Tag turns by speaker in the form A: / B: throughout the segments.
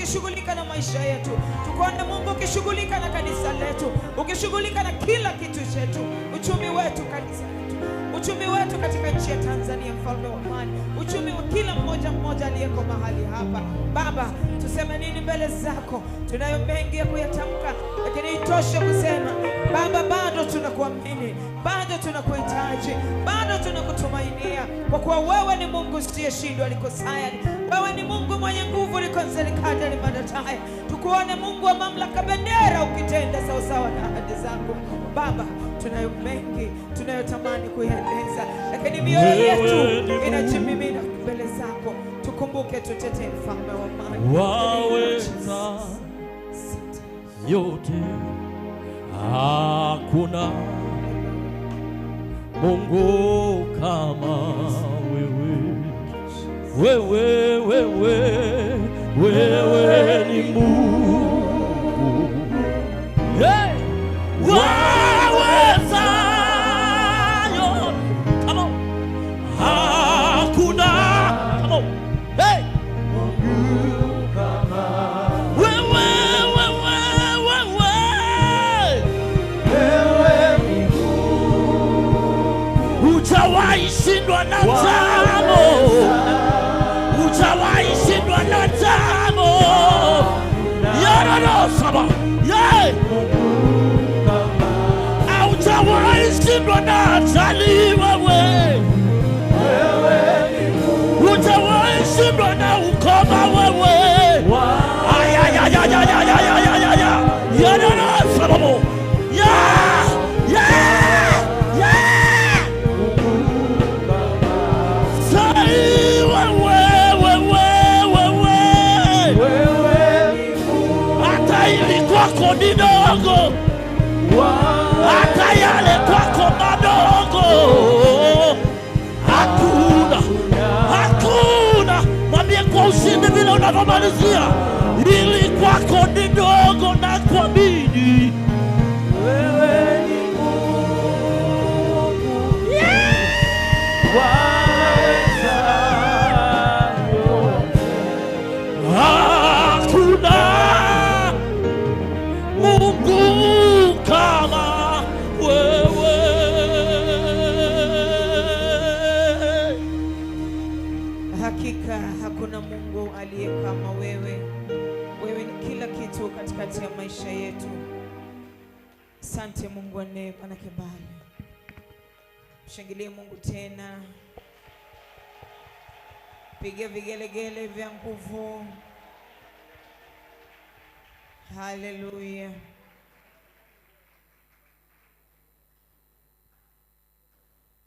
A: ukishughulika na maisha yetu, tukuone Mungu ukishughulika na kanisa letu, ukishughulika na kila kitu chetu, uchumi wetu, kanisa letu, uchumi wetu katika nchi ya Tanzania, mfalme wa amani, uchumi wa kila mmoja mmoja aliyeko mahali hapa. Baba, tuseme nini mbele zako? Tunayo mengi ya kuyatamka, lakini itoshe kusema Baba, bado tunakuamini, bado tunakuhitaji, bado tunakutumainia, kwa kuwa wewe ni Mungu usiyeshindwa, alikosaya wewe ni Mungu mwenye nguvu likonzerikadalimadatae tukuone Mungu wa mamlaka bendera ukitenda sawasawa na ahadi zako Baba. Tunayo mengi tunayotamani kuyaeleza, lakini mioyo yetu inajimimina mbele zako. Tukumbuke, tutete mfalme wa
B: mani Waweza yote, hakuna Mungu kama wewe wewe wewe ni Mungu hey! wawezayo kama hakuna kama ni
C: Mungu,
B: utawaishindwa na tamaa hujawahi shindwa na jambo yororosaba ye, hujawahi shindwa na ajali Ave Maria!
A: Asante Mungu wa neema na kibali. Mshangilie Mungu tena, piga vigelegele vya nguvu. Haleluya.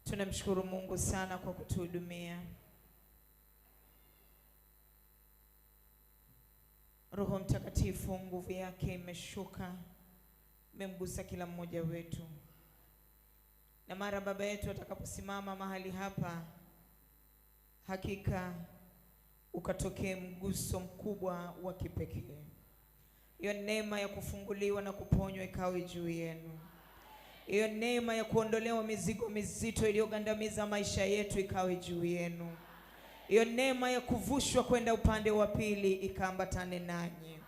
A: Tunamshukuru Mungu sana kwa kutuhudumia. Roho Mtakatifu, nguvu yake imeshuka umemgusa kila mmoja wetu, na mara baba yetu atakaposimama mahali hapa, hakika ukatokee mguso mkubwa wa kipekee. Hiyo neema ya kufunguliwa na kuponywa ikawe juu yenu. Hiyo neema ya kuondolewa mizigo mizito iliyogandamiza maisha yetu ikawe juu yenu. Hiyo neema ya kuvushwa kwenda upande wa pili ikaambatane nanyi.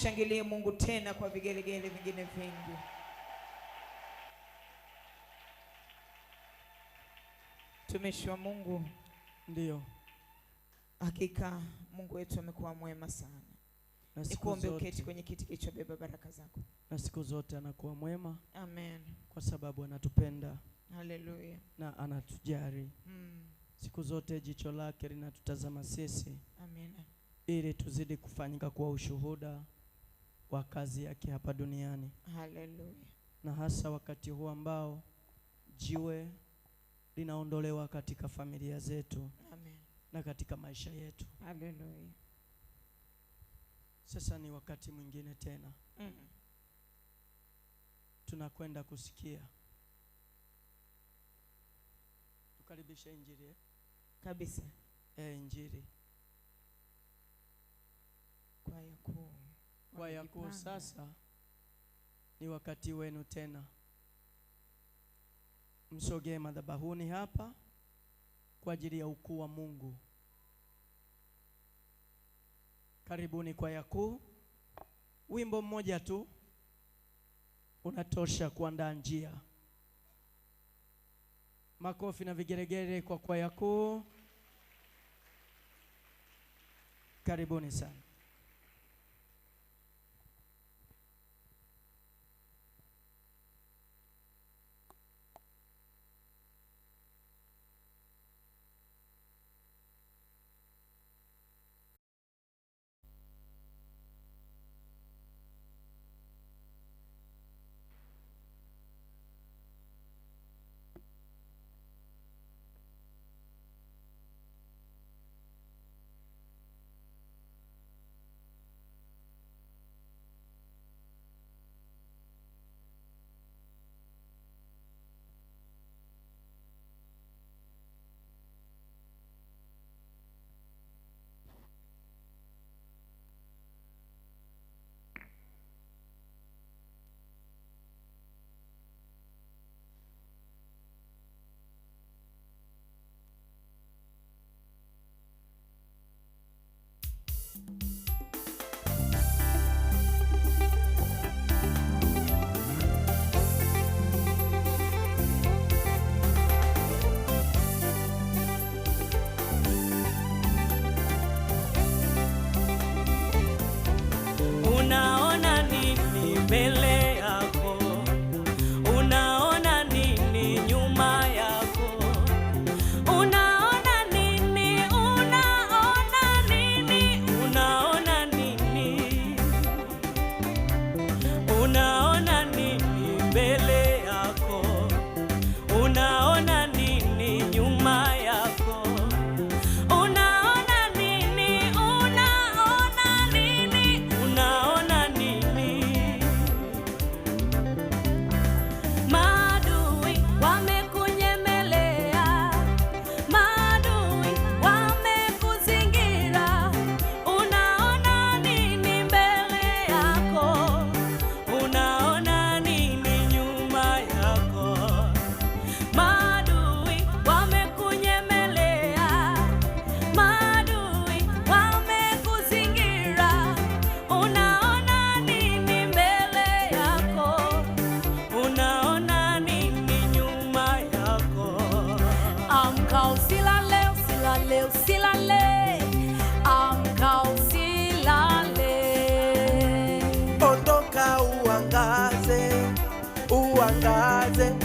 A: Shangilie Mungu tena kwa vigelegele vingine vingi. Mtumishi wa Mungu, ndio hakika Mungu wetu amekuwa mwema sana. Nikuombe uketi kwenye kiti kilichobeba baraka zako,
D: na siku zote anakuwa mwema. Amen, kwa sababu anatupenda.
A: Haleluya,
D: na anatujali mm. Siku zote jicho lake linatutazama sisi. Amen, ili tuzidi kufanyika kuwa ushuhuda wa kazi yake hapa duniani.
A: Haleluya.
D: Na hasa wakati huu ambao jiwe linaondolewa katika familia zetu Amen. na katika maisha yetu.
A: Haleluya.
D: Sasa ni wakati mwingine tena mm tunakwenda kusikia tukaribishe injili kabisa eh, injili
A: Kwa kuu
D: kwa yakuu sasa ni wakati wenu tena, msogee madhabahuni hapa kwa ajili ya ukuu wa Mungu. Karibuni kwa yakuu. Wimbo mmoja tu unatosha kuandaa njia. Makofi na vigeregere kwa kwaya kuu. Karibuni sana.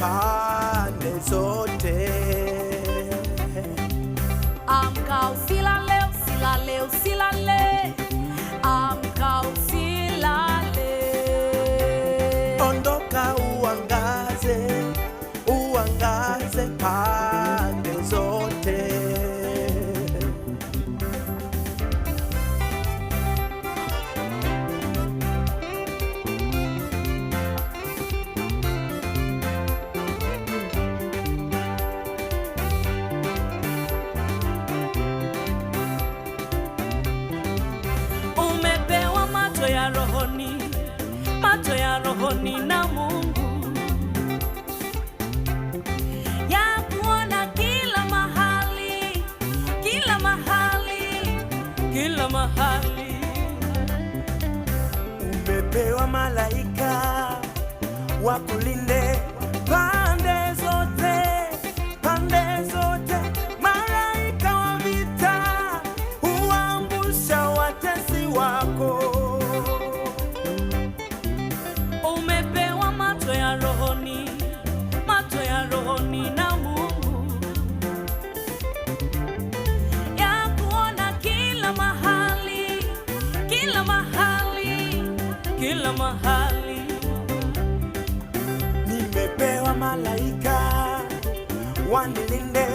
E: high.
F: mapato ya rohoni na Mungu ya kuona kila mahali, kila mahali, kila mahali.
E: Umepewa malaika wakulinde
F: kila mahali,
E: nimepewa malaika wanilinde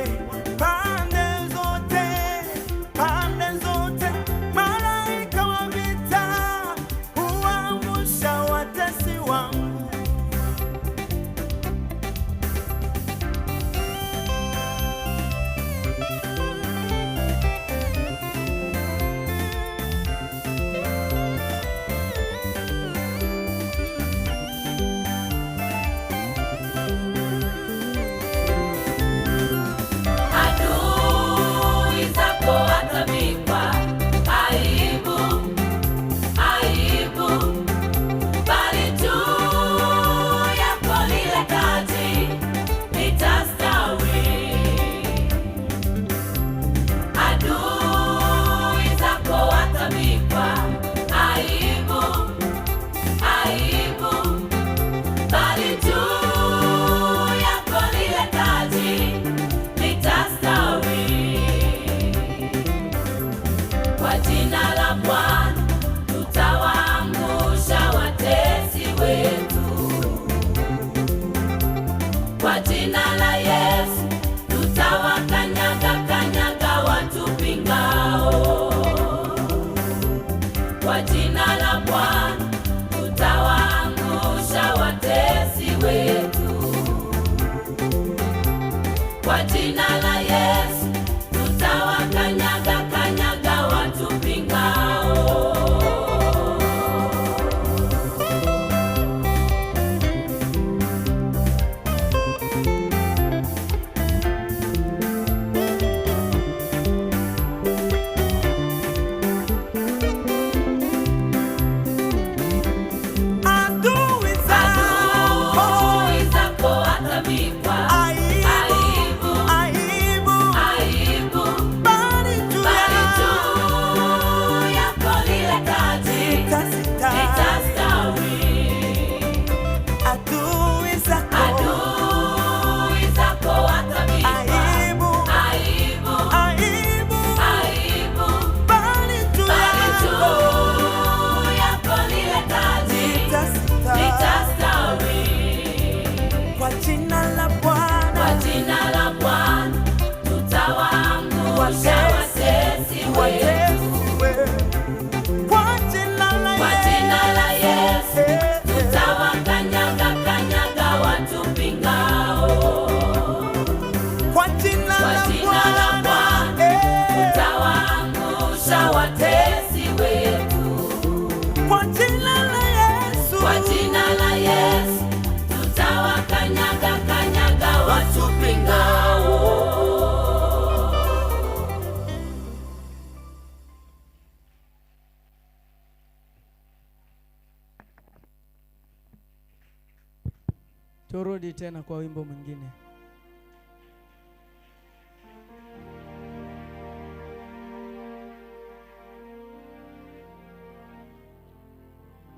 A: tena kwa wimbo mwingine.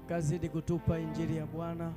A: Kazidi kutupa injili ya Bwana.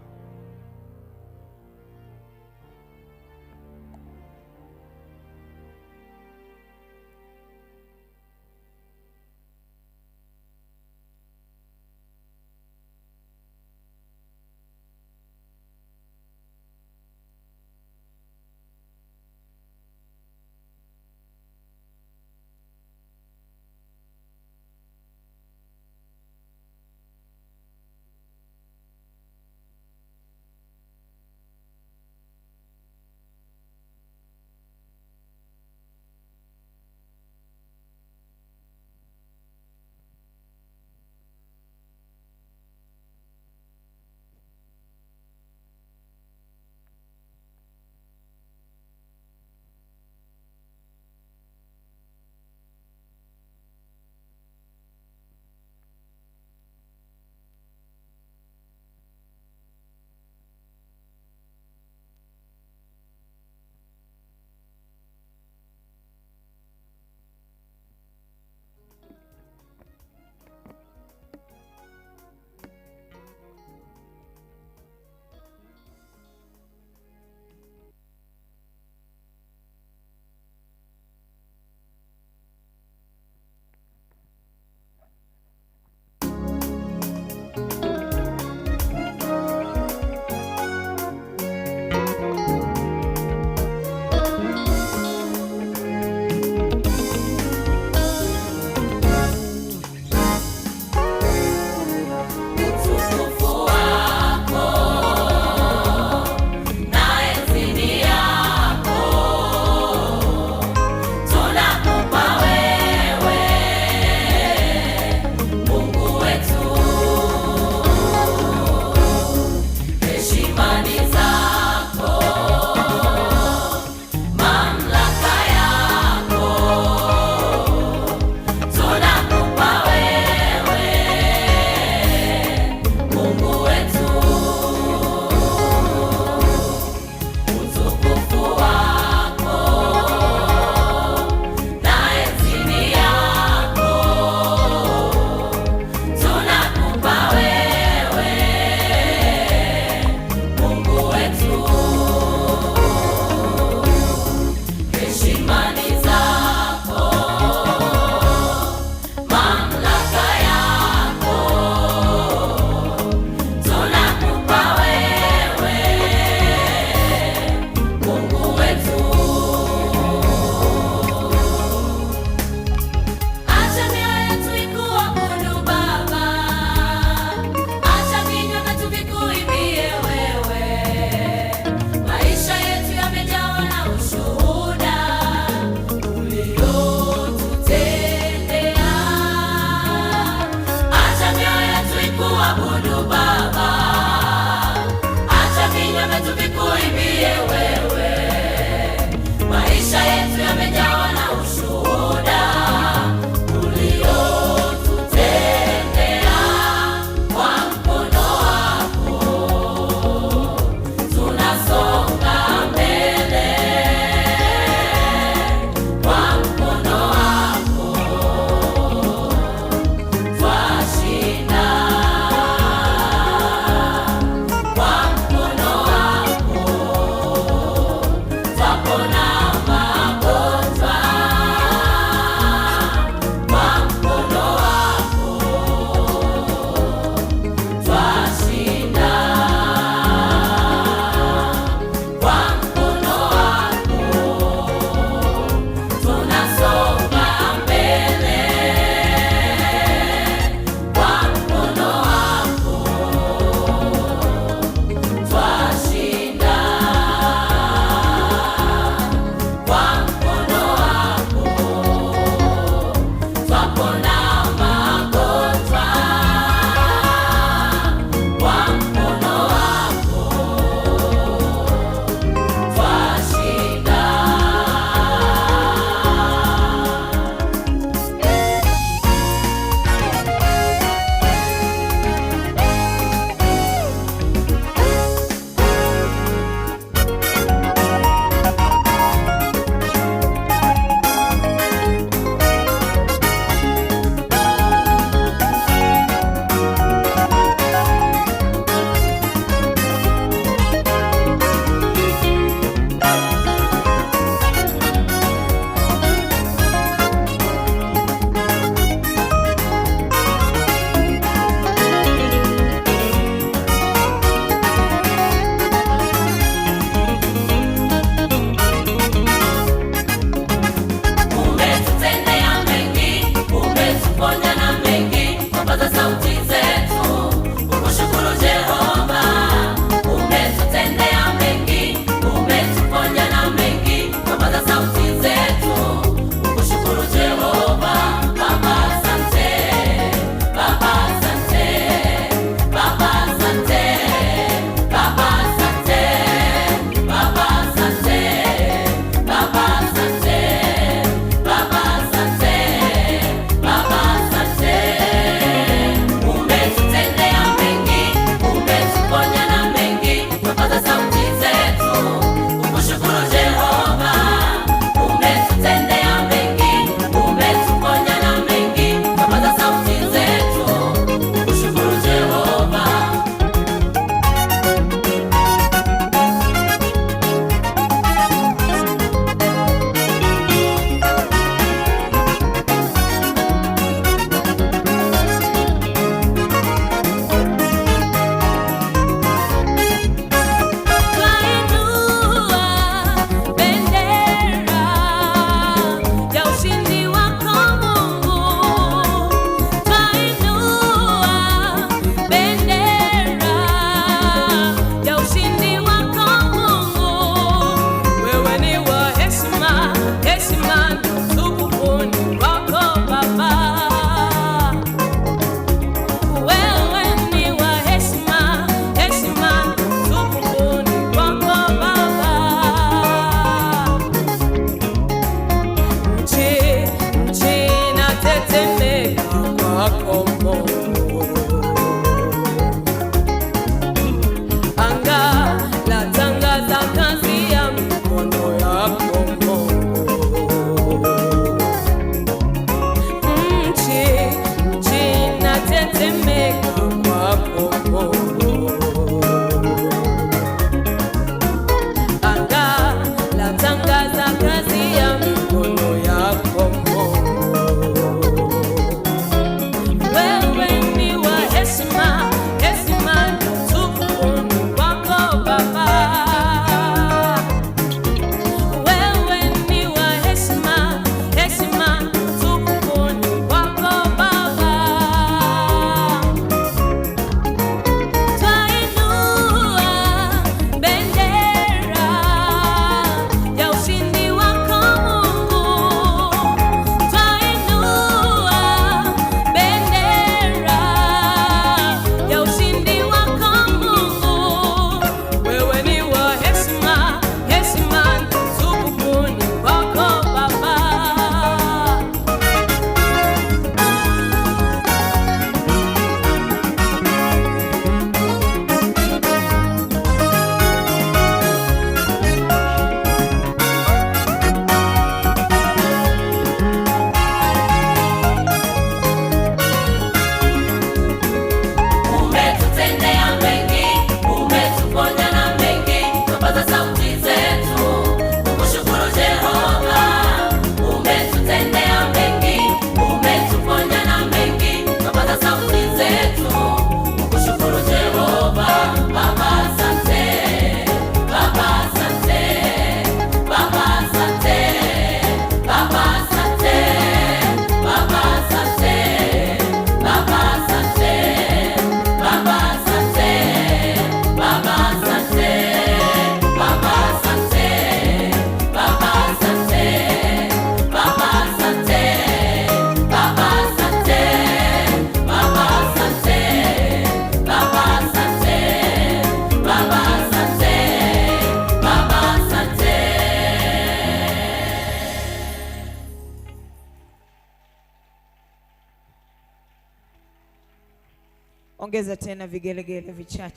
G: Sogeza tena vigelegele vichache.